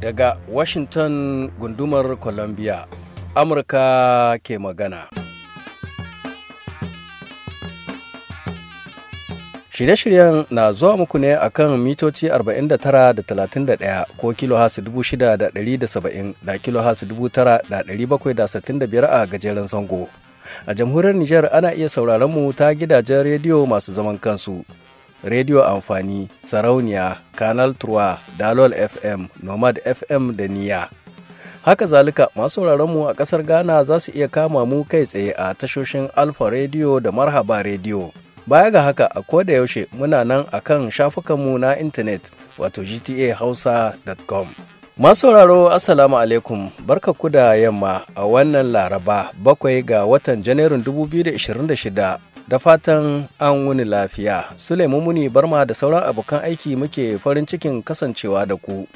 Daga Washington gundumar Columbia, Amurka ke magana. Shirye-shiryen na zuwa muku ne a kan mitoci 49.31 da 31 ko kilohas 6,770 da kilohas 9,765 a gajeren zango. A jamhuriyar Nijar ana iya sauraron mu ta gidajen rediyo masu zaman kansu. Rediyo Amfani, Sarauniya, Canal Trois, Dalol FM, Nomad FM da Niya. Haka zalika masu mu a ƙasar Ghana za su iya kama mu kai tsaye a tashoshin Alfa Radio da Marhaba Radio. Baya ga haka a da yaushe muna nan akan shafukanmu na intanet wato gtahausa.com. Masu sauraro Assalamu alaikum barka ku da yamma a wannan laraba bakwai ga watan Janairun 2026 da fatan an wuni lafiya. Suleiman Muni Barma da sauran abokan aiki muke farin cikin kasancewa da ku.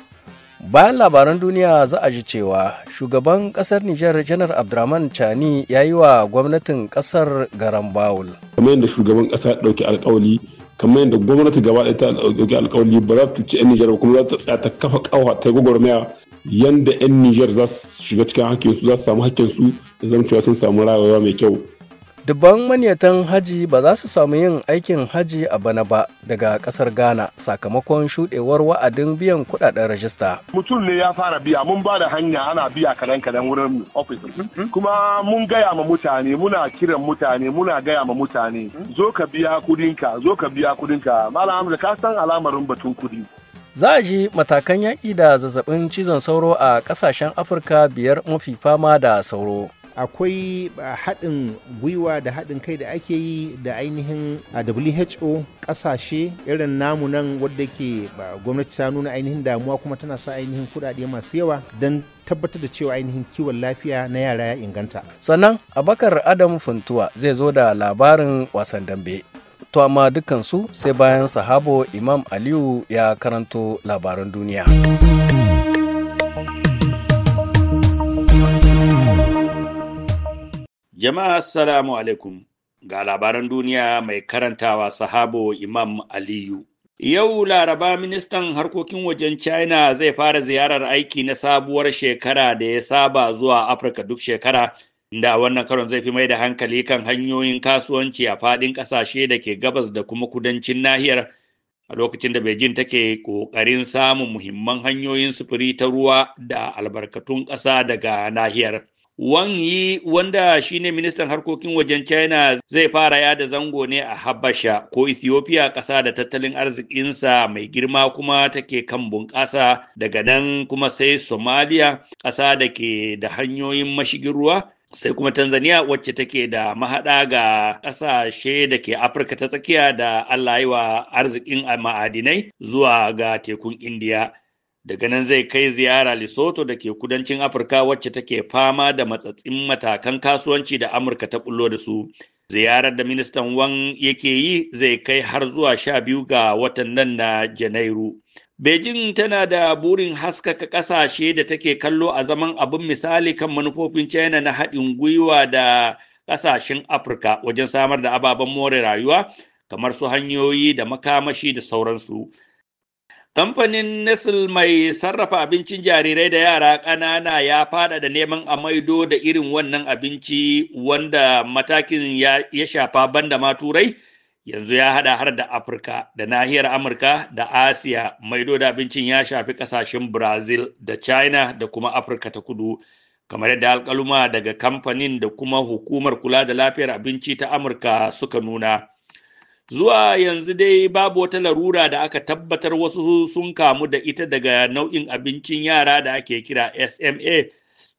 Bayan labaran duniya za a ji cewa shugaban kasar Nijar Janar Abdurrahman Chani ya yi wa gwamnatin kasar garan bawul. Kamar yadda shugaban kasa ɗauki alkawali kamar yadda gwamnati gaba ɗaya ta ɗauki alkawari ba za ta ci 'yan Nijar kuma za ta tsaya ta kafa ƙawa ta gwagwarmaya yanda 'yan Nijar za su shiga cikin hakkin su za su samu hakkin su da zama cewa sun samu rayuwa mai kyau dubban manyatan haji ba za su samu yin aikin haji a bana ba daga kasar ghana sakamakon shudewar wa'adin biyan kudaden rajista mutum ne ya fara biya mun ba da hanya ana biya kadan kadan wurin ofis mhm. Mhm. kuma mun gaya ma mutane muna kiran mutane muna gaya ma mutane mhm. zo ka biya kudinka zo ka biya kudinka malam hamza ka san alamarin batun kudi za a ji matakan yaƙi da zazzabin cizon sauro a ƙasashen afirka biyar mafi fama da sauro akwai ah, haɗin gwiwa da haɗin kai da ake yi da ainihin ah, who ƙasashe irin namu nan wadda ke gwamnati ta nuna ainihin damuwa kuma tana sa ainihin kuɗaɗe masu yawa don tabbatar da cewa ainihin kiwon lafiya na yara ya inganta sannan abakar adamu funtuwa zai zo da labarin wasan dambe to amma dukansu sai bayan sahabo imam aliyu ya karanto labaran duniya. Jama'a assalamu alaikum ga labaran duniya mai karantawa sahabo Imam Aliyu. Yau Laraba ministan harkokin wajen China zai fara ziyarar aiki na sabuwar shekara da ya saba zuwa Afirka duk shekara, inda wannan karon zai fi mai da hankali kan hanyoyin kasuwanci a faɗin ƙasashe da ke gabas da kuma kudancin nahiyar a lokacin da Beijing take ƙoƙarin samun muhimman hanyoyin sufuri ta ruwa da albarkatun ƙasa daga nahiyar. Wang Yi wanda shine ministan harkokin wajen China zai fara yada zango ne a Habasha ko Ethiopia ƙasa da tattalin arzikinsa mai girma kuma take kan bunƙasa daga nan kuma sai Somalia ƙasa da ke da hanyoyin mashigin ruwa sai kuma Tanzania wacce take da mahaɗa ga ƙasashe da ke Afirka ta tsakiya da Allah yi wa arzikin ma'adinai zuwa ga tekun Indiya. daga nan zai kai ziyara lesotho da ke kudancin afirka wacce take fama da matsatsin matakan kasuwanci da amurka ta bullo da su ziyarar da ministan wan yake yi zai kai har zuwa sha biyu ga watan nan na janairu Beijing tana da burin haskaka ƙasashe da take kallo a zaman abin misali kan manufofin China na haɗin gwiwa da ƙasashen Afirka wajen samar da ababen more rayuwa kamar su hanyoyi da makamashi da sauransu. Kamfanin Nestle mai sarrafa abincin jarirai da yara ƙanana ya fada da neman a maido da irin wannan abinci wanda matakin ya, shafa banda ma turai yanzu ya hada har da Afirka da nahiyar Amurka da Asiya maido da abincin ya shafi ƙasashen Brazil da China da kuma Afirka ta kudu. Kamar yadda alkaluma daga kamfanin da kuma hukumar kula da lafiyar abinci ta Amurka suka nuna. zuwa yanzu dai babu wata larura da aka tabbatar wasu sun kamu da ita daga nau'in abincin yara da ake kira sma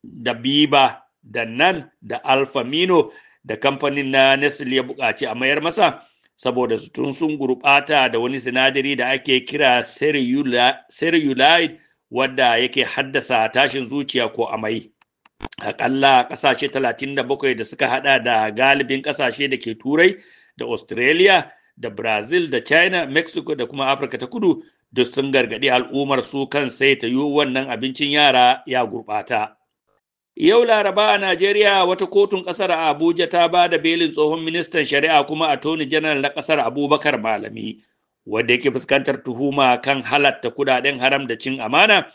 da biba da nan da alfamino da kamfanin na nestle ya buƙaci a mayar masa saboda tun sun gurɓata da wani sinadari da ake kira cerulide wadda yake haddasa tashin zuciya ko amai akalla ƙasashe 37 da suka hada da galibin ƙasashe da ke turai da australia da brazil da china mexico da kuma afirka ta kudu duk sun gargaɗi al'ummar su kan sai ta yi wannan abincin yara ya gurɓata yau laraba a najeriya wata kotun ƙasar abuja ta ba da belin tsohon ministan shari'a kuma a toni general na kasar abubakar malami wadda yake fuskantar tuhuma kan halatta kudaden haram da cin amana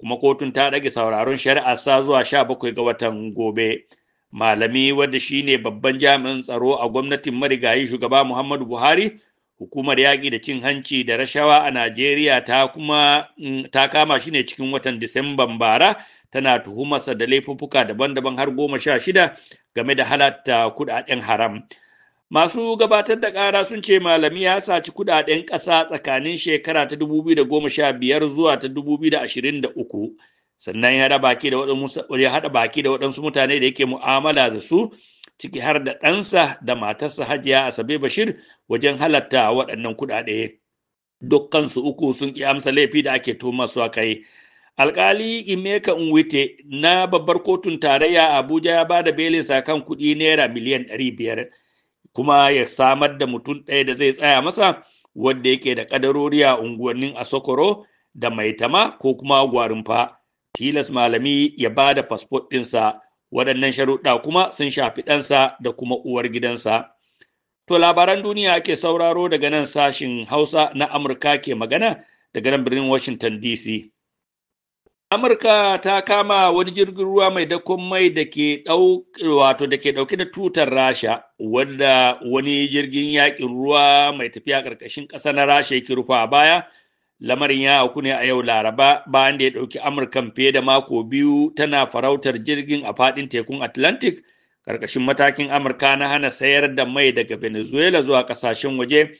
kuma kotun ta ɗage sauraron shari'a sa zuwa sha bakwai ga watan gobe. malami wadda shine babban jami'in tsaro a gwamnatin marigayi shugaba muhammadu buhari hukumar yaƙi da cin hanci da rashawa a najeriya ta kuma mm, ta kama shi ne cikin watan disamban bara tana tuhumarsa da laifuffuka daban-daban har goma sha shida game da halatta kuɗaɗen haram masu gabatar da ƙara sun ce malami ya saci kuɗaɗen ƙasa tsakanin shekara ta 2015 zuwa ta 2023 sannan ya haɗa baki da waɗansu da waɗansu mutane da yake mu'amala da su ciki har da ɗansa da matarsa Hajiya Asabe Bashir wajen halatta waɗannan kuɗaɗe su uku sun ƙi amsa laifi da ake tuhumar su kai alkali imeka nwite na babbar kotun tarayya abuja ya ba da belinsa kan kuɗi naira miliyan ɗari biyar kuma ya samar da mutum ɗaya da zai tsaya masa wanda yake da ƙadarori a unguwannin asokoro da maitama ko kuma gwarinfa tilas malami ya ba da fasfot ɗinsa waɗannan sharuɗa kuma sun shafi ɗansa da kuma uwar gidansa to labaran duniya ake sauraro daga nan sashin hausa na amurka ke magana daga nan birnin washington dc amurka ta kama wani jirgin ruwa mai dakon mai da ke wato da ɗauke da tutar rasha wanda wani jirgin yaƙin ruwa mai tafiya ƙarƙashin ƙasa na rasha yake rufa a baya lamarin ya auku ne a yau laraba bayan da ya ɗauki amurkan fiye da mako biyu tana farautar jirgin a faɗin tekun atlantic ƙarƙashin matakin amurka na hana sayar da mai daga venezuela zuwa ƙasashen waje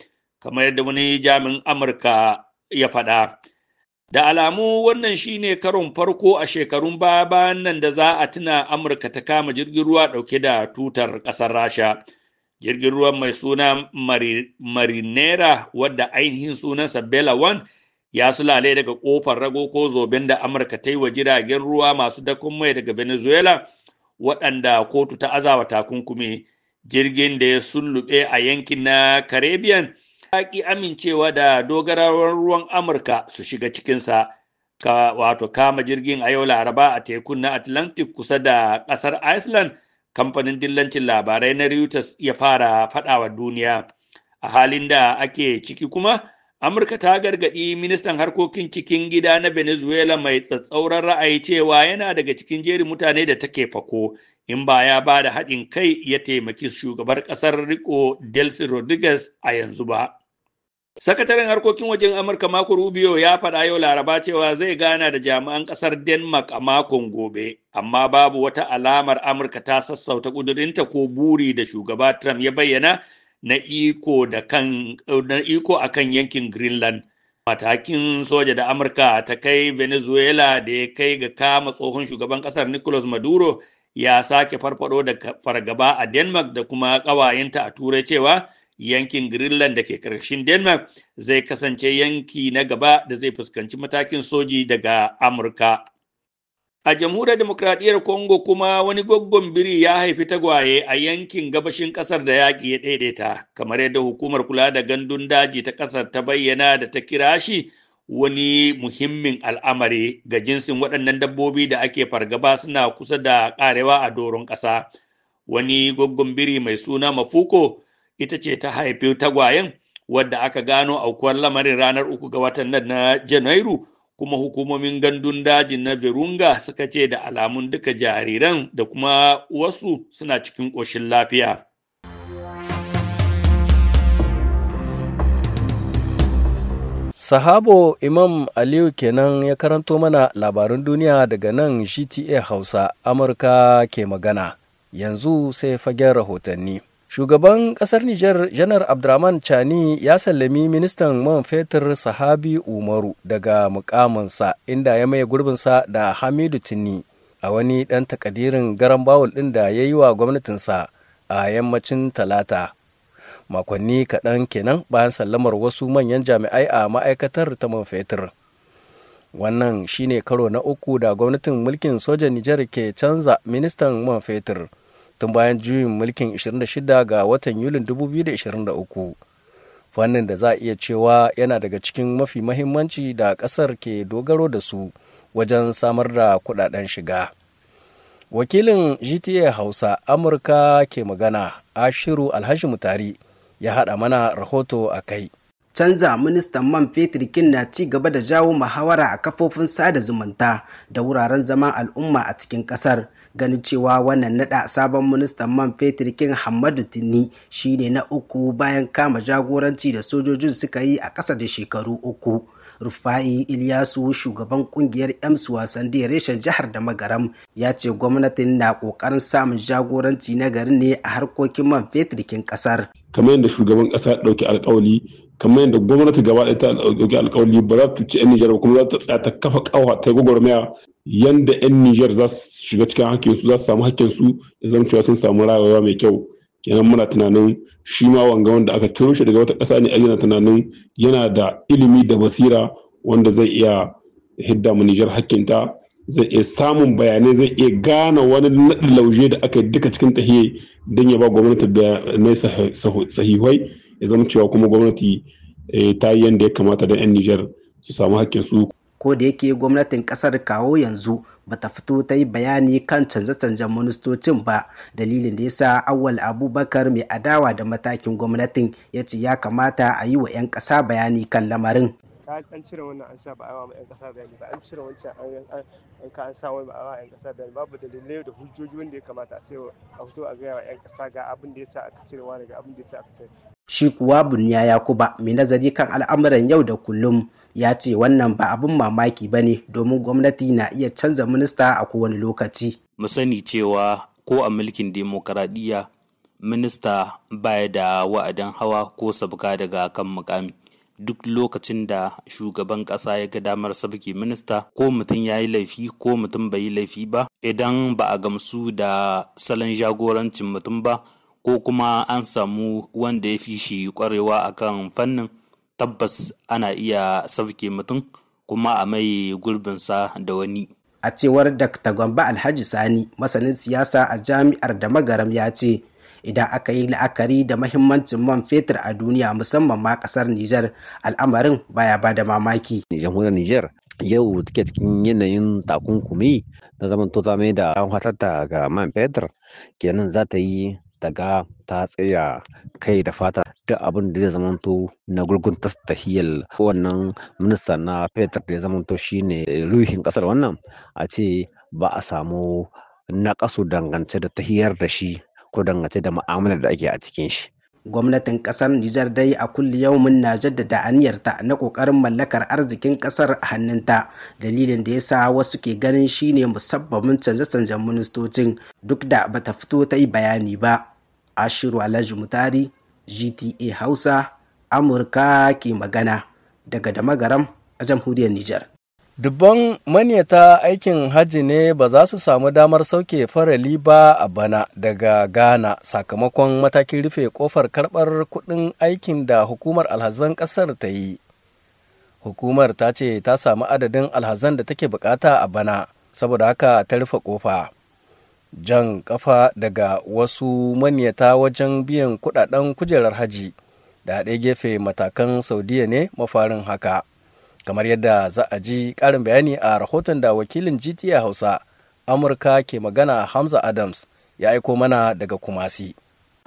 kamar yadda wani jami'in amurka ya faɗa da alamu wannan shine karon farko a shekarun baya bayan nan da za a tuna amurka ta kama jirgin ruwa ɗauke da tutar ƙasar rasha jirgin ruwan mai suna marinera wadda ainihin sunansa bella one ya sulale daga kofar rago ko zoben da amurka ta yi wa jiragen ruwa masu dakon mai daga venezuela waɗanda kotu ta azawa takunkumi jirgin da ya sullube a yankin na caribbean ki amincewa da dogarawar ruwan amurka su shiga cikinsa ka wato kama jirgin a yau laraba a tekun na atlantic kusa da ƙasar iceland kamfanin dillancin labarai na reuters ya fara faɗawa duniya a halin da ake ciki kuma Amurka ta gargaɗi ministan harkokin cikin gida na Venezuela mai tsatsauran ra'ayi cewa yana daga cikin jerin mutane da take fako in ba ya ba da haɗin kai ya taimaki shugabar ƙasar Riko Delcy Rodriguez a yanzu ba. Sakataren harkokin wajen Amurka Marco Rubio ya faɗa yau Laraba cewa zai gana da jami'an ƙasar Denmark a makon gobe, amma babu wata alamar Amurka ta sassauta ƙudurinta ko buri da shugaba Trump ya bayyana na iko da kan na iko akan yankin Greenland matakin soja da Amurka ta kai Venezuela da ya kai ga kama tsohon shugaban ƙasar, Nicolas Maduro ya sake farfado da fargaba a Denmark da kuma ƙawayenta a Turai cewa yankin Greenland da ke ƙarshen Denmark zai kasance yanki na gaba da zai fuskanci matakin soji daga Amurka. A jamhuriyar demokradiyyar Congo kuma wani goggon biri ya haifi tagwaye a yankin gabashin kasar da yaƙi ya daidaita, kamar yadda hukumar kula da gandun daji ta kasar ta bayyana da ta kira shi wani muhimmin al'amari ga jinsin waɗannan dabbobi da ake fargaba suna kusa da ƙarewa a doron ƙasa. Wani goggon biri mai suna mafuko ita ce ta haifi tagwayen wadda aka gano aukuwar lamarin ranar uku ga watan na Janairu kuma hukumomin gandun daji na virunga suka ce da alamun duka jariran da kuma wasu suna cikin ƙoshin lafiya sahabo imam aliyu kenan ya karanto mana labarin duniya daga nan gta hausa amurka ke magana yanzu sai fagen rahotanni shugaban ƙasar Nijar janar Abdraman Chani ya sallami ministan man fetur Sahabi Umaru daga mukaminsa inda ya maye gurbinsa da Hamidu Tini a wani ɗan takadirin garan bawul ɗin da ya yi wa gwamnatinsa a yammacin talata. Makonni kaɗan kenan bayan sallamar wasu manyan jami'ai a ma'aikatar ta man fetur. Wannan shine karo na uku da gwamnatin mulkin sojan Nijar ke canza ministan man fetur. tun bayan juyin mulkin 26 ga watan yuli 2023 fannin da za a iya cewa yana daga cikin mafi mahimmanci da ƙasar ke dogaro da su wajen samar da kudaden shiga wakilin gta hausa amurka ke magana ashiru alhaji mutari ya haɗa mana rahoto a kai canza ministan man fetur kin na ci gaba da jawo muhawara a kafofin sada zumunta da wuraren zaman al'umma a cikin kasar ganin cewa wannan nada sabon ministan man fetur king hamadu tini shine na uku bayan kama jagoranci da sojojin suka yi a ƙasa da shekaru uku rufa'i ilyasu shugaban kungiyar ems wasan da reshen jihar da magaram ya ce gwamnatin na ƙoƙarin samun jagoranci na garin ne a harkokin man fetur king kasar kamar yadda shugaban ƙasa ɗauki alkawali kamar yadda gwamnati gaba ɗaya ta ɗauki alkawali ba za ta ci yan nijar kuma za ta tsaya ta kafa ƙawa ta yi gwagwarmaya yanda 'yan Nijar za su shiga cikin su za su samu su ya zama cewa sun samu rayuwa mai kyau kenan muna tunanin shi ma wanga wanda aka turo shi daga wata ƙasa ne yana tunanin yana da ilimi da basira wanda zai iya hidda mu Nijar hakkinta zai iya samun bayanai zai iya gane wani naɗi lauje da aka yi duka cikin tahiye don ya ba gwamnati bayanai sahihai ya zama cewa kuma gwamnati eh, ta yi yanda ya kamata da 'yan Nijar su samu hakkin su. ko da yake gwamnatin kasar kawo yanzu bata fito ta yi bayani kan canje-canjen ministocin ba dalilin da yasa awal abubakar mai adawa da matakin gwamnatin ya ce ya kamata a yi wa 'yan ƙasa bayani kan lamarin an cire wannan an sa ba a ma 'yan kasa bayani ba an cire wancan an ka an sa wani ba a ma 'yan kasa bayani babu dalilai da hujjoji wanda ya kamata a ce a fito a gaya wa 'yan kasa ga abin da ya sa aka cire wani ga abin da ya sa aka cire Shi kuwa ya kuba mai nazari kan al'amuran yau da kullum ya ce wannan ba abin mamaki ba ne domin gwamnati na iya canza minista a kowane lokaci. Mu sani cewa ko a mulkin demokaradiyya minista baya da wa'adin hawa ko sabka daga kan mukami. duk lokacin da shugaban ƙasa ya ga damar sabke minista ko mutum ya yi laifi ko mutum bai yi laifi ba idan ba a gamsu da salon jagorancin mutum ba ko kuma an samu wanda ya fi shi kwarewa kan fannin tabbas ana iya sauke mutum kuma a mai gurbinsa da wani. A cewar Dr. Gwamba Alhaji Sani, masanin siyasa a jami'ar da magaram ya ce, idan aka yi la'akari da mahimmancin man fetur a duniya musamman ma kasar Nijar al'amarin baya ba da mamaki. Nijar yau take cikin yanayin takunkumi na zaman tota mai da an ga man fetur kenan za ta yi ta ta tsaya kai da fata duk abin da zai zamanto na gurgun tahiyar wannan minista na fetur da ya zamanto shine ruhin kasar wannan a ce ba a samu kasu dangance da ta hiyar da shi ko dangance da ma'amalar da ake a cikin shi gwamnatin kasar Nijar dai a kulli yaumin na jaddada aniyarta na kokarin mallakar arzikin kasar hannunta dalilin da ya sa wasu ke ganin shine musabbabin canje-canjen ministocin duk da bata fito ta yi bayani ba Ashiru Alhaji Mutari, GTA Hausa, Amurka ke magana daga Damagaram a jamhuriyar Nijar. Dubban manyata aikin hajji ne ba za su samu damar sauke farali ba a bana daga Ghana sakamakon matakin rufe kofar karbar kudin aikin da hukumar alhazan kasar ta yi. Hukumar ta ce ta samu adadin alhazan da take bukata a bana, saboda haka ta rufe kofa. jan kafa daga wasu manyata wajen biyan kudaden kujerar haji da haɗe gefe matakan saudiya ne mafarin haka kamar yadda za a ji ƙarin bayani a rahoton da wakilin gta hausa amurka ke magana hamza adams ya aiko mana daga kumasi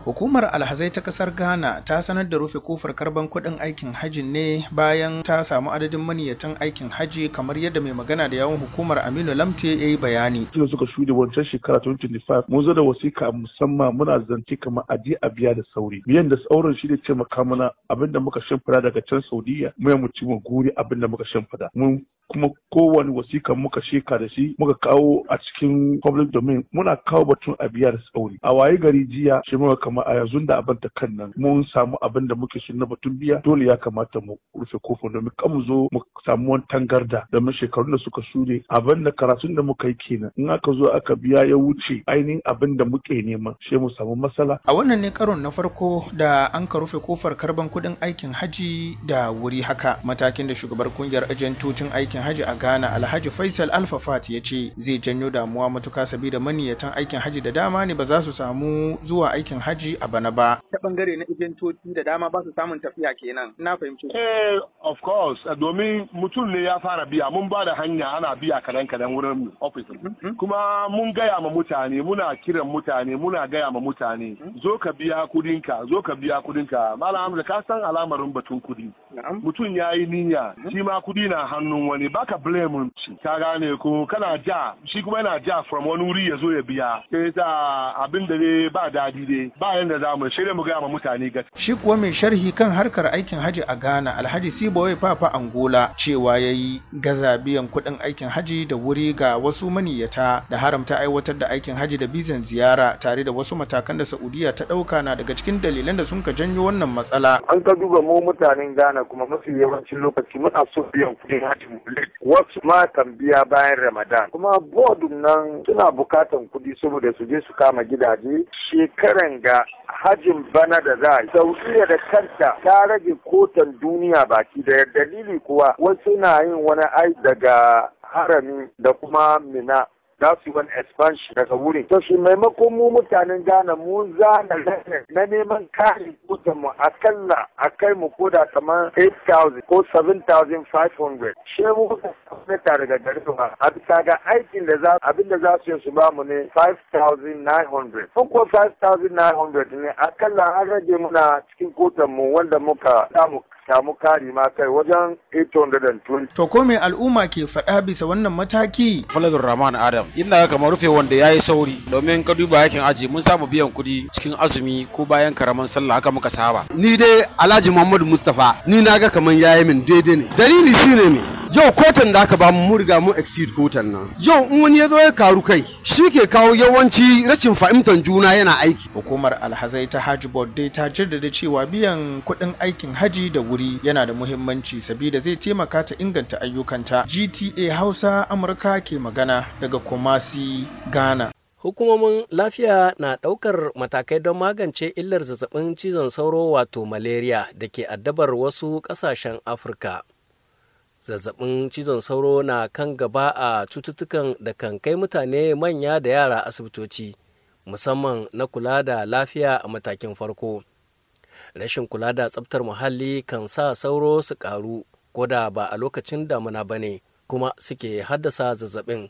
Hukumar alhazai ta kasar Ghana ta sanar da rufe kofar karban kuɗin aikin hajji ne bayan ta samu adadin maniyatan aikin hajji kamar yadda mai magana da yawon hukumar Aminu Lamte ya yi bayani. Tunda suka shuɗe wancan shekara 2025 mun zo da wasika musamman muna zance kamar a a biya da sauri. Biyan da sauran shi ne ce mana abinda muka shimfida daga can Saudiya mu ya mu ci mu guri abinda muka shimfada Mun kuma kowane wasika muka sheka da shi muka kawo a cikin public domain muna kawo batun a biya da sauri. a waye gari jiya shi muka kama a yanzu da abin ta kan nan mun samu abin da muke na batun biya dole ya kamata mu rufe kofin domin kan mu zo mu samu wani tangarda domin shekarun da suka sure. abin da karatun da muka yi kenan in aka zo aka biya ya wuce ainihin abin da muke nema shi mu samu matsala. a wannan ne karon na farko da an ka rufe kofar karban kuɗin aikin haji da wuri haka matakin da shugabar kungiyar ajantocin aikin haji a Ghana Alhaji Faisal Alfafat ya ce zai janyo damuwa matuka saboda maniyatan aikin haji da dama ne ba za su samu zuwa aikin haji a bana ba. Ta bangare na ijentoci da dama ba su samun tafiya kenan. Na fahimci. Eh of course eh, domin mutum ne ya fara biya mun ba da hanya ana biya kadan kadan wurin office. Mm-hmm. Mm-hmm. Kuma mun gaya ma mutane muna kiran mutane muna gaya ma mutane mm-hmm. zo ka biya kudinka zo ka biya kudinka malam Hamza ka san alamarin batun kudi. Mutum ya yi niyya shi ma kudi na hannun wani baka blame shi ka gane ko kana ja shi kuma yana ja from wani wuri ya zo ya biya sai ta abin da ne ba dadi ne ba yanda za mu shirya mu ga ma mutane gaskiya shi kuwa mai sharhi kan harkar aikin haji a Ghana Alhaji Siboye Papa Angola cewa ya yi. gaza biyan kuɗin aikin haji da wuri ga wasu maniyyata da haramta aiwatar da aikin haji da bizan ziyara tare da wasu matakan da Saudiya ta ɗauka na daga cikin dalilan da sun ka janyo wannan matsala an ka duba mu mutanen Ghana kuma mafi yawancin lokaci muna so biyan kuɗin haji mu wasu ma kan biya bayan ramadan kuma bodin nan suna bukatan kuɗi saboda su je su kama gidaje shekaran ga hajin bana da za a yi da kanta ta rage kotan duniya baki da dalili kuwa wasu na yin wani ai daga harami da kuma mina za su wani expansion daga wurin. To shi maimakon mu mutanen Ghana mu zana lanar na neman kare kutan mu akalla a kai mu koda kamar 8,000 ko 7,500. Shi mu kuka daga gari ba. A bisa ga aikin da za abin da za su yi su ba mu ne 5,900. Mun ko 5,900 ne akalla an rage muna cikin kutan mu wanda muka samu samu kari ma kai wajen 820. To ko me al'umma ke faɗa bisa wannan mataki? Faladur Rahman Adam, ina kamar rufe wanda ya yi sauri domin ka duba yakin aji mun samu biyan kuɗi cikin azumi ko bayan karaman sallah haka muka saba. Ni dai Alhaji Muhammadu Mustapha, ni na ga kamar yayi min daidai ne. Dalili shine ne. yau kotan da aka bamu mu riga mu exceed kotan nan yau in wani ya zo ya karu kai shi ke kawo yawanci rashin fahimtar juna yana aiki hukumar alhazai ta haji board dai ta jaddada cewa biyan kuɗin aikin haji da wuri yana da muhimmanci sabida zai taimaka ta inganta ayyukanta gta hausa amurka ke magana daga kumasi ghana hukumomin lafiya na ɗaukar matakai don magance illar zazzabin cizon sauro wato malaria da ke addabar wasu ƙasashen afirka zazzabin cizon sauro na kan gaba a cututtukan da kan kai mutane manya da yara asibitoci musamman na kula da lafiya a matakin farko rashin kula da tsabtar muhalli kan sa sauro su karu ko da ba a lokacin damuna ba ne kuma suke haddasa zazzabin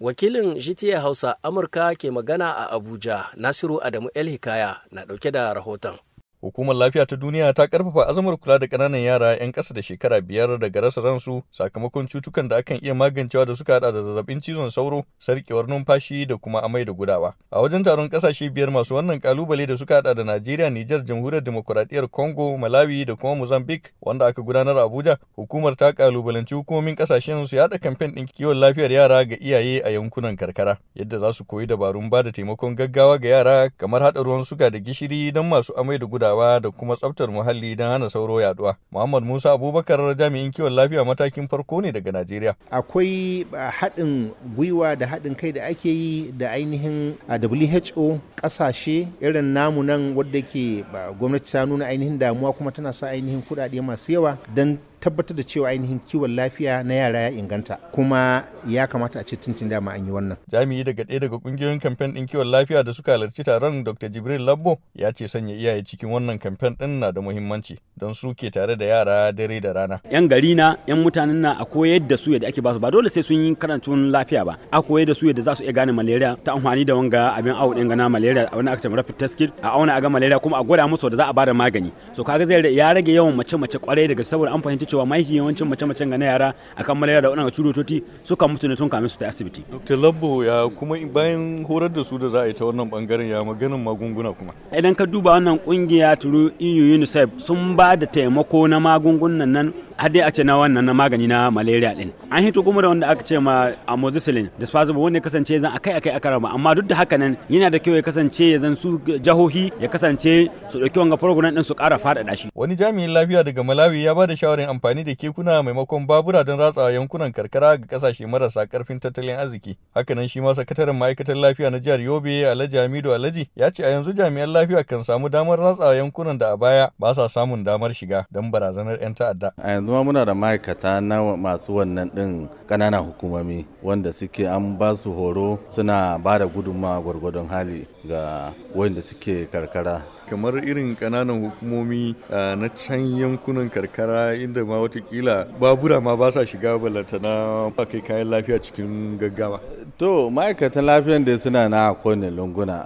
wakilin gta hausa amurka ke magana a abuja nasiru adamu el hikaya na dauke da rahoton Hukumar Lafiya ta Duniya ta karfafa azumar kula da ƙananan yara 'yan ƙasa da shekara biyar daga rasa ransu sakamakon cutukan da akan iya magancewa da suka hada da zazzabin cizon sauro, sarkewar numfashi da kuma amai da gudawa. A wajen taron ƙasashe biyar masu wannan kalubale da suka hada da Najeriya, Nijar, Jamhuriyar Demokuraɗiyyar Congo, Malawi da kuma Mozambique wanda aka gudanar a Abuja, hukumar ta kalubalanci hukumomin ƙasashen su yada kamfen ɗin kiwon lafiyar yara ga iyaye a yankunan karkara, yadda za su koyi dabarun ba da taimakon gaggawa ga yara kamar haɗa ruwan suga da gishiri don masu amai da gudawa. kulawa da kuma tsaftar muhalli don hana sauro yaduwa. Muhammad Musa Abubakar jami'in kiwon lafiya matakin farko ne daga Najeriya. Akwai uh, haɗin gwiwa da haɗin kai da ake yi da ainihin uh, WHO ƙasashe irin namu nan wadda ke uh, gwamnati ta nuna ainihin damuwa kuma tana sa ainihin kuɗaɗe masu yawa don tabbatar da cewa ainihin kiwon lafiya na yara ya inganta kuma ya kamata a ce tuntun dama an yi wannan jami'i daga ɗaya daga ƙungiyoyin kamfen ɗin kiwon lafiya da suka halarci taron dr jibril labbo ya ce sanya iyaye cikin wannan kamfen ɗin na da muhimmanci don su ke tare da yara dare da rana yan gari na yan mutanen na a koyar da su yadda ake basu ba dole sai sun yi karantun lafiya ba a koyar da su yadda za su iya gane malaria ta amfani da wanga abin awo ɗin gana malaria a wani aka ce rapid test kit a auna a ga malaria kuma a gwada musu da za a bada magani so kaga zai ya rage yawan mace-mace kwarai daga saboda an fahimci cewa mahi yawancin mace-macen ga na yara a kan malaria da wannan su suka mutu ne tun kamin su ta asibiti dr labbo ya kuma bayan horar da su da za a yi ta wannan bangaren ya maganin magunguna kuma idan ka duba wannan kungiya turu eu unicef sun ba da taimako na magungunan nan har dai a ce na wannan na magani na malaria din an hito kuma da wanda aka ce ma amoxicillin disposable wanda kasance zan akai akai aka raba amma duk da haka nan yana da kyau ya kasance ya zan su jahohi ya kasance su dauki wanga program din su kara fada shi wani jami'in lafiya daga Malawi ya ba da shawarin amfani da kekuna maimakon babura don ratsawa yankunan karkara ga kasashe marasa karfin tattalin arziki hakanan shi ma sakataren ma'aikatar lafiya na jihar Yobe Alhaji Hamidu Alhaji ya ce a yanzu jami'an lafiya kan samu damar ratsawa yankunan da a baya ba sa samun damar shiga don barazanar 'yan ta'adda yanzu ma muna da ma'aikata na masu wannan ɗin ƙananan hukumomi wanda suke an ba su horo suna ba da gudunmawa gwargwadon hali ga wanda suke karkara kamar irin kananan hukumomi na can yankunan karkara inda ma watakila babura ma ba sa shiga balantana kai kayan lafiya cikin gaggawa to ma'aikatan lafiyan da suna na kowane lunguna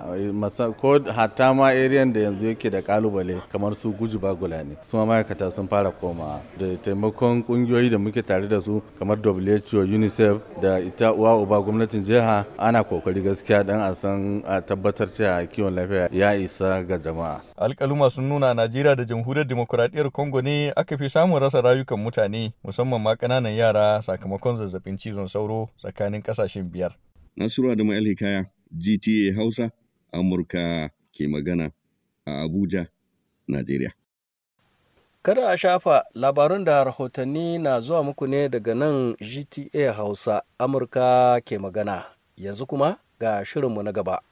ko hatta ma ariyan da yanzu yake da kalubale kamar su guji bagula ne su ma'aikata sun fara koma da taimakon kungiyoyi da muke tare da su kamar who unicef da ita uwa uba gwamnatin jiha ana kokari gaskiya dan a san a tabbatar cewa kiwon lafiya ya isa ga jama'a alkaluma sun nuna najeriya da jamhuriyar demokuraɗiyyar congo ne aka fi samun rasa rayukan mutane musamman ma ƙananan yara sakamakon zazzabin cizon sauro tsakanin ƙasashen biyar Nasiru Adamu Alhikaya, GTA Hausa, Amurka ke magana a Abuja, Najeriya. Kada a shafa labarun da rahotanni na zuwa muku ne daga nan GTA Hausa, Amurka ke magana. Yanzu kuma ga shirinmu na gaba.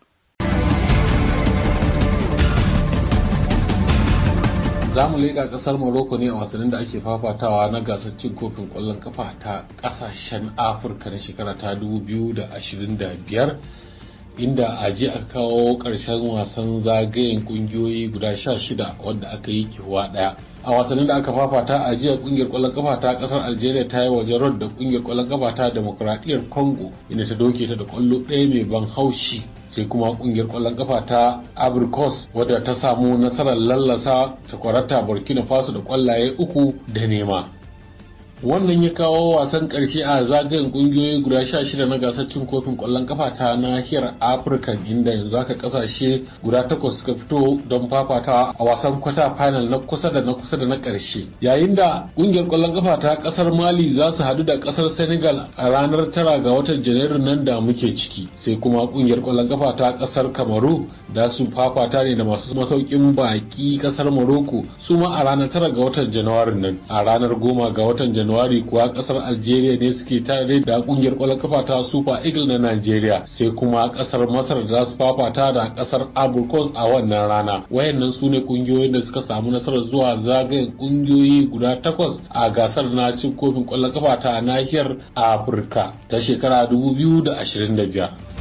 za mu leƙa ƙasar morocco ne a wasannin da ake fafatawa na gasar cin kofin ƙwallon kafa ta ƙasashen afirka na shekara ta 2025 inda a je a kawo ƙarshen wasan zagayen ƙungiyoyi guda 16 wanda aka yi kiwa ɗaya a wasannin da aka fafata a jiya kungiyar ƙwallon kafa ta ƙasar algeria ta yi waje rod da kungiyar ƙwallon kafa ta demokuraɗiyyar congo inda ta doke ta da kwallo ɗaya mai ban haushi sai kuma kungiyar kwallon kafa ta abricos wadda ta samu nasarar lallasa takwarata burkina faso da kwallaye uku da nema wannan ya kawo wasan ƙarshe a zagayen kungiyoyi guda sha na gasar cin kofin kwallon kafa ta nahiyar afirka inda yanzu haka kasashe guda takwas suka fito don fafatawa a wasan kwata final na kusa da na kusa da na karshe yayin da ƙungiyar kwallon kafa ta kasar mali za su hadu da kasar senegal a ranar tara ga watan janairu nan da muke ciki sai kuma kungiyar kwallon kafa ta kasar kamaru da su fafata ne da masu masaukin baƙi kasar morocco su ma a ranar tara ga watan janairu nan a ranar goma ga watan janairu Januwari kuwa kasar Algeria ne suke tare da kungiyar kwallon kafa ta Super Eagle na Nigeria sai kuma kasar Masar da su fafata da kasar Abulkos a wannan rana. Wayannan su ne kungiyoyin da suka samu nasarar zuwa zagayen kungiyoyi guda takwas a gasar na cin kofin kwallon kafa ta nahiyar Afirka ta shekara 2025.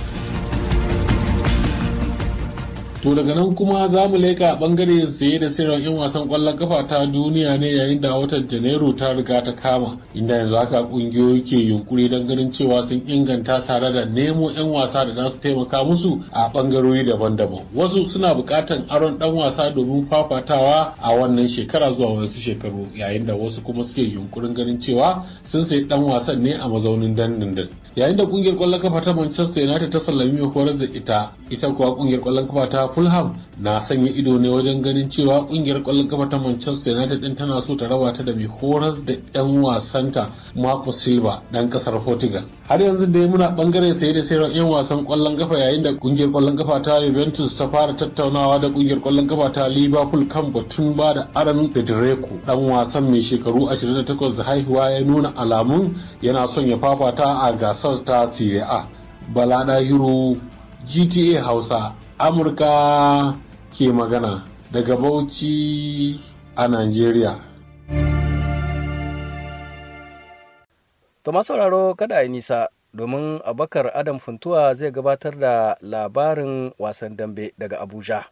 To daga nan kuma za mu leka a bangare saye da sayarwar 'yan wasan ƙwallon kafa ta duniya ne yayin da watan Janairu ta riga ta kama, inda yanzu haka kungiyoyi ke yunkuri don ganin cewa sun inganta tare da nemo 'yan wasa da za su taimaka musu a bangarori daban-daban. Wasu suna buƙatan aron ɗan wasa domin fafatawa a wannan shekara zuwa wasu shekaru, yayin da wasu kuma suke yunkurin ganin cewa sun sayi ɗan wasan ne a mazaunin dandindin. Yayin da ƙungiyar ƙwallon kafa ta Manchester United ta sallami mai horar da ita, ita kuwa ƙungiyar kwallon kafa ta fulham na sanya ido ne wajen ganin cewa kungiyar kwallon kafa ta manchester united din tana so ta raba ta da mai horas da yan wasanta marco silva dan ƙasar portugal har yanzu dai muna bangare saye da sayar yan wasan kwallon kafa yayin da kungiyar kwallon kafa ta juventus ta fara tattaunawa da kungiyar kwallon kafa ta liverpool kan batun ba da Aaron pedreco dan wasan mai shekaru 28 da haihuwa ya nuna alamun yana son ya fafata a gasar ta serie a balada hiro gta hausa amurka ke magana daga bauchi a nigeria Thomas sauraro kada a nisa domin abakar adam funtuwa zai gabatar da labarin wasan dambe daga abuja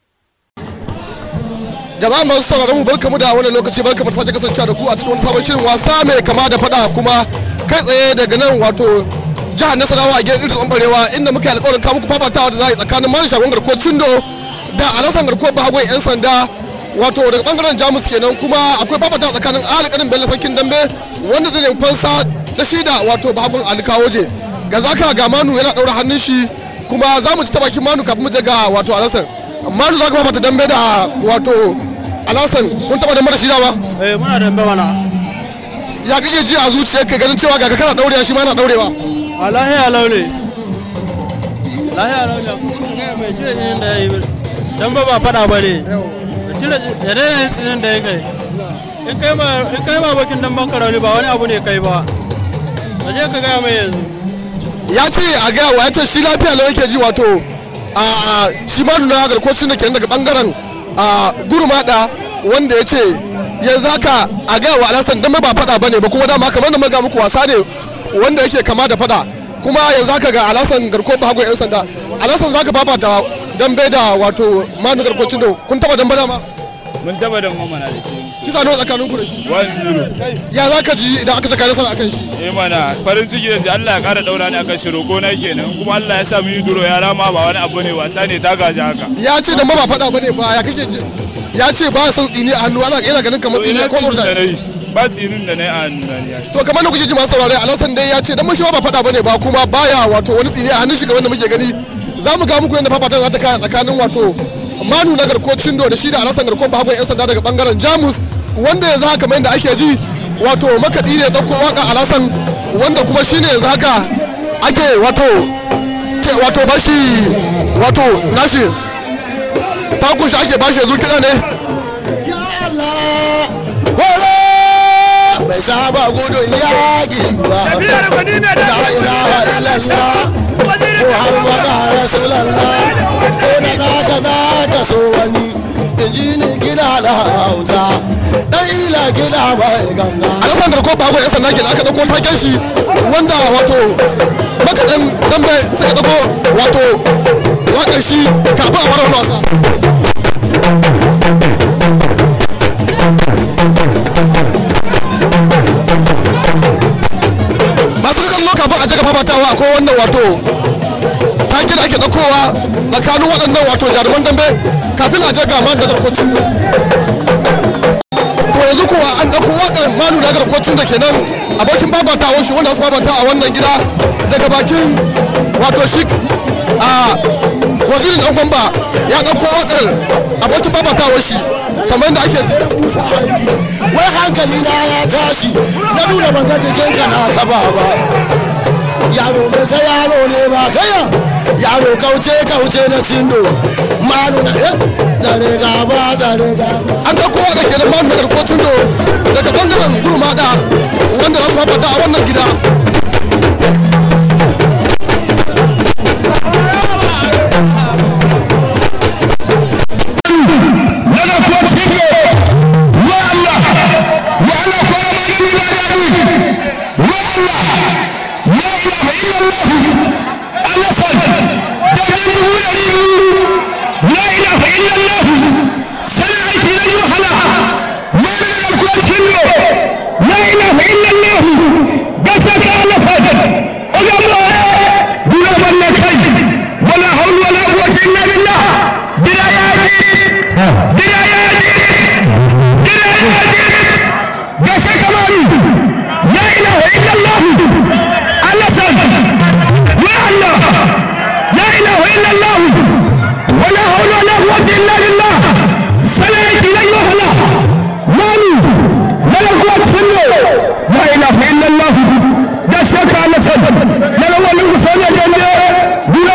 jama'a masu sauraron mu barkamu da wani lokaci barkamu da sake kasancewa da ku a cikin wani sabon shirin wasa mai kama da fada kuma kai tsaye daga nan wato jihar Nasarawa a gidan Idris barewa inda muka yi alƙawarin kawo muku fafatawa da za a yi tsakanin Mali Shagon Garko Cindo da Alasan Garko Bahagon 'yan sanda wato daga bangaren Jamus kenan kuma akwai fafatawa tsakanin Ali Kanin Bello Sarkin Dambe wanda zai nemi fansa da shida wato Bahagon Ali je ga zaka ga Manu yana ɗaura hannun shi kuma za mu ci ta bakin Manu kafin mu je ga wato Alasan Manu za ka fafata dambe da wato Alasan kun taɓa dambe da shida ba? Eh muna dambe mana. Ya kake ji a zuciyarka ganin cewa ga kana daurewa shi ma yana ɗaurewa a lahiya lau ne lahiya lau ne mai cire jinin da ya yi dan ba ba faɗa ba ne ya daina yin tsinin da ya kai in kai ma bakin dan banka rauni ba wani abu ne kai ba a je ka gaya mai yanzu ya ce a gaya wa ya ce shi lafiya lau yake ji wato a shi ma nuna garkocin da kenan daga bangaren a gurmada wanda ya ce yanzu haka a gaya wa alasan dan ba faɗa ba ne ba kuma dama kamar da maga muku wasa ne wanda yake kama da fada kuma yanzu haka ga alasan garko hagu yan sanda alasan zaka fafa da dambe da wato manu garko cindo kun taba dambe da ma mun taba dambe mana da shi kisa nawa tsakanin ku da shi wa 0 ya zaka ji idan aka saka nasara akan shi eh mana farin ciki da Allah ya kara daura ni akan shi roko na kenan kuma Allah ya sa mu yi duro ya rama ba wani abu ne wasa ne ta gaji haka ya ce dambe ba fada bane ba ya kake ya ce ba san tsini a hannu ana ganin kamar tsini ko urdan ba tsinin da na yi a to kamar da kuke ji masu saurare alasan dai ya ce dan mashiwa ba faɗa ba ne ba kuma baya wato wani tsini a hannun shi kamar da muke gani za mu ga muku yadda fafatan za ta kaya tsakanin wato manu na garko do da shi da alasan garko bahagon yan sanda daga bangaren jamus wanda yanzu haka kamar yadda ake ji wato makaɗi ne ɗauko waka alasan wanda kuma shine yanzu haka ake wato wato bashi wato nashi takun shi ake bashi yanzu kiɗa ne. Ya Allah! mai saba gudun yaƙi ba muhammadu rasulallah ko da naka za so wani injinin gida da hauta dan ila gida mai ganga alhamdulillah ko bago yan sanda ke da aka dauko taken shi wanda wato makaɗan dan bai suka dauko wato waƙar shi kafin a fara wani wasa fafatawa akwai wannan wato take da ake ɗaukowa tsakanin waɗannan wato jaruman dambe kafin a je ga man da garkwacin to yanzu kuwa an ɗauko waɗan manu da garkwacin da kenan abokin babatawan shi wanda su babata a wannan gida daga bakin wato shi a wazirin ɗan gwamba ya ɗauko waɗan abokin babatawan shi kamar da ake wai hankali na ya tashi na nuna ban ga jikin ka na ba yaro bai sai yaro ne ba kaya yaro kauce kauce na sindo malu na eh zare ba zare ga an da kowa da ke da malu na garko sindo daga bangaren guruma da wanda za su haɓata a wannan gida لا إله إلا الله بس على فجر وقام قلوب النكي ولا حول ولا قوة إلا بالله دراياتي دراياتي دراياتي بس كمان لا إله إلا الله سجد يا لا إله إلا الله ولا حول ولا قوة إلا بالله kai lalawa lungu sone dambe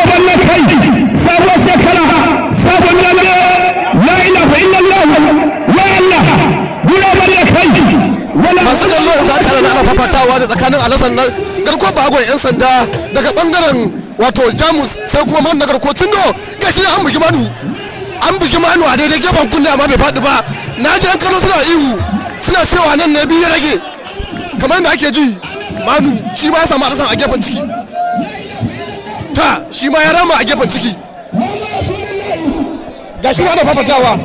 banna kai sabo shekara la ilaha illallah wa allah banna kai masu kallo da zaka ana fafatawa da tsakanin alasan na garko bagon yan sanda daga bangaren wato jamus sai kuma man nagar ko Tindo, gashi an bugi manu an bugi manu a daidai gefen kunne amma bai faɗi ba na ji an kano suna ihu suna cewa nan ne biyu rage kamar da ake ji manu shi ma ya samu alasan a gefen ciki ta shi ma ya rama a gefen ciki ga shi ma da fafatawa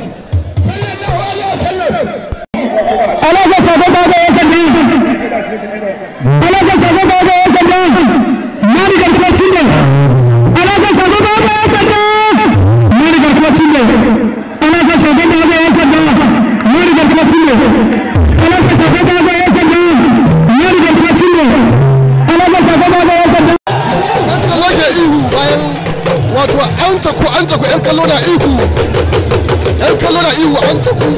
kallo na ihu yan kallo na ihu an taku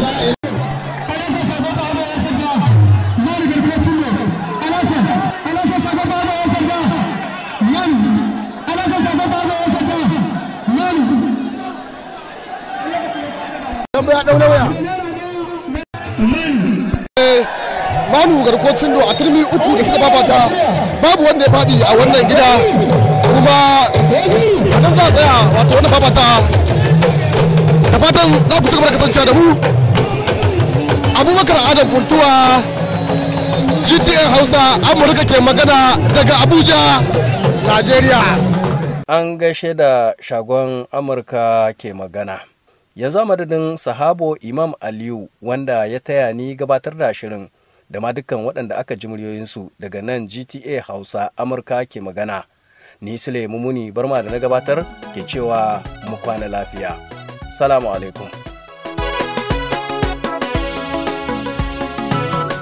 Manu eh, garkocin do a turmi uku da suka babata babu wanda ya faɗi a wannan gida kuma nan za a tsaya wato wani babata fatan za ku cigaba da kasance da mu abubakar adam furtuwa gtn hausa amurka ke magana daga abuja nigeria an gaishe da shagon amurka ke magana yanzu a madadin sahabo imam aliyu wanda ya taya ni gabatar da shirin da ma dukkan waɗanda aka ji muryoyinsu daga nan gta hausa amurka ke magana ni sule mumuni barma da na gabatar ke cewa mu kwana lafiya salamu alaikum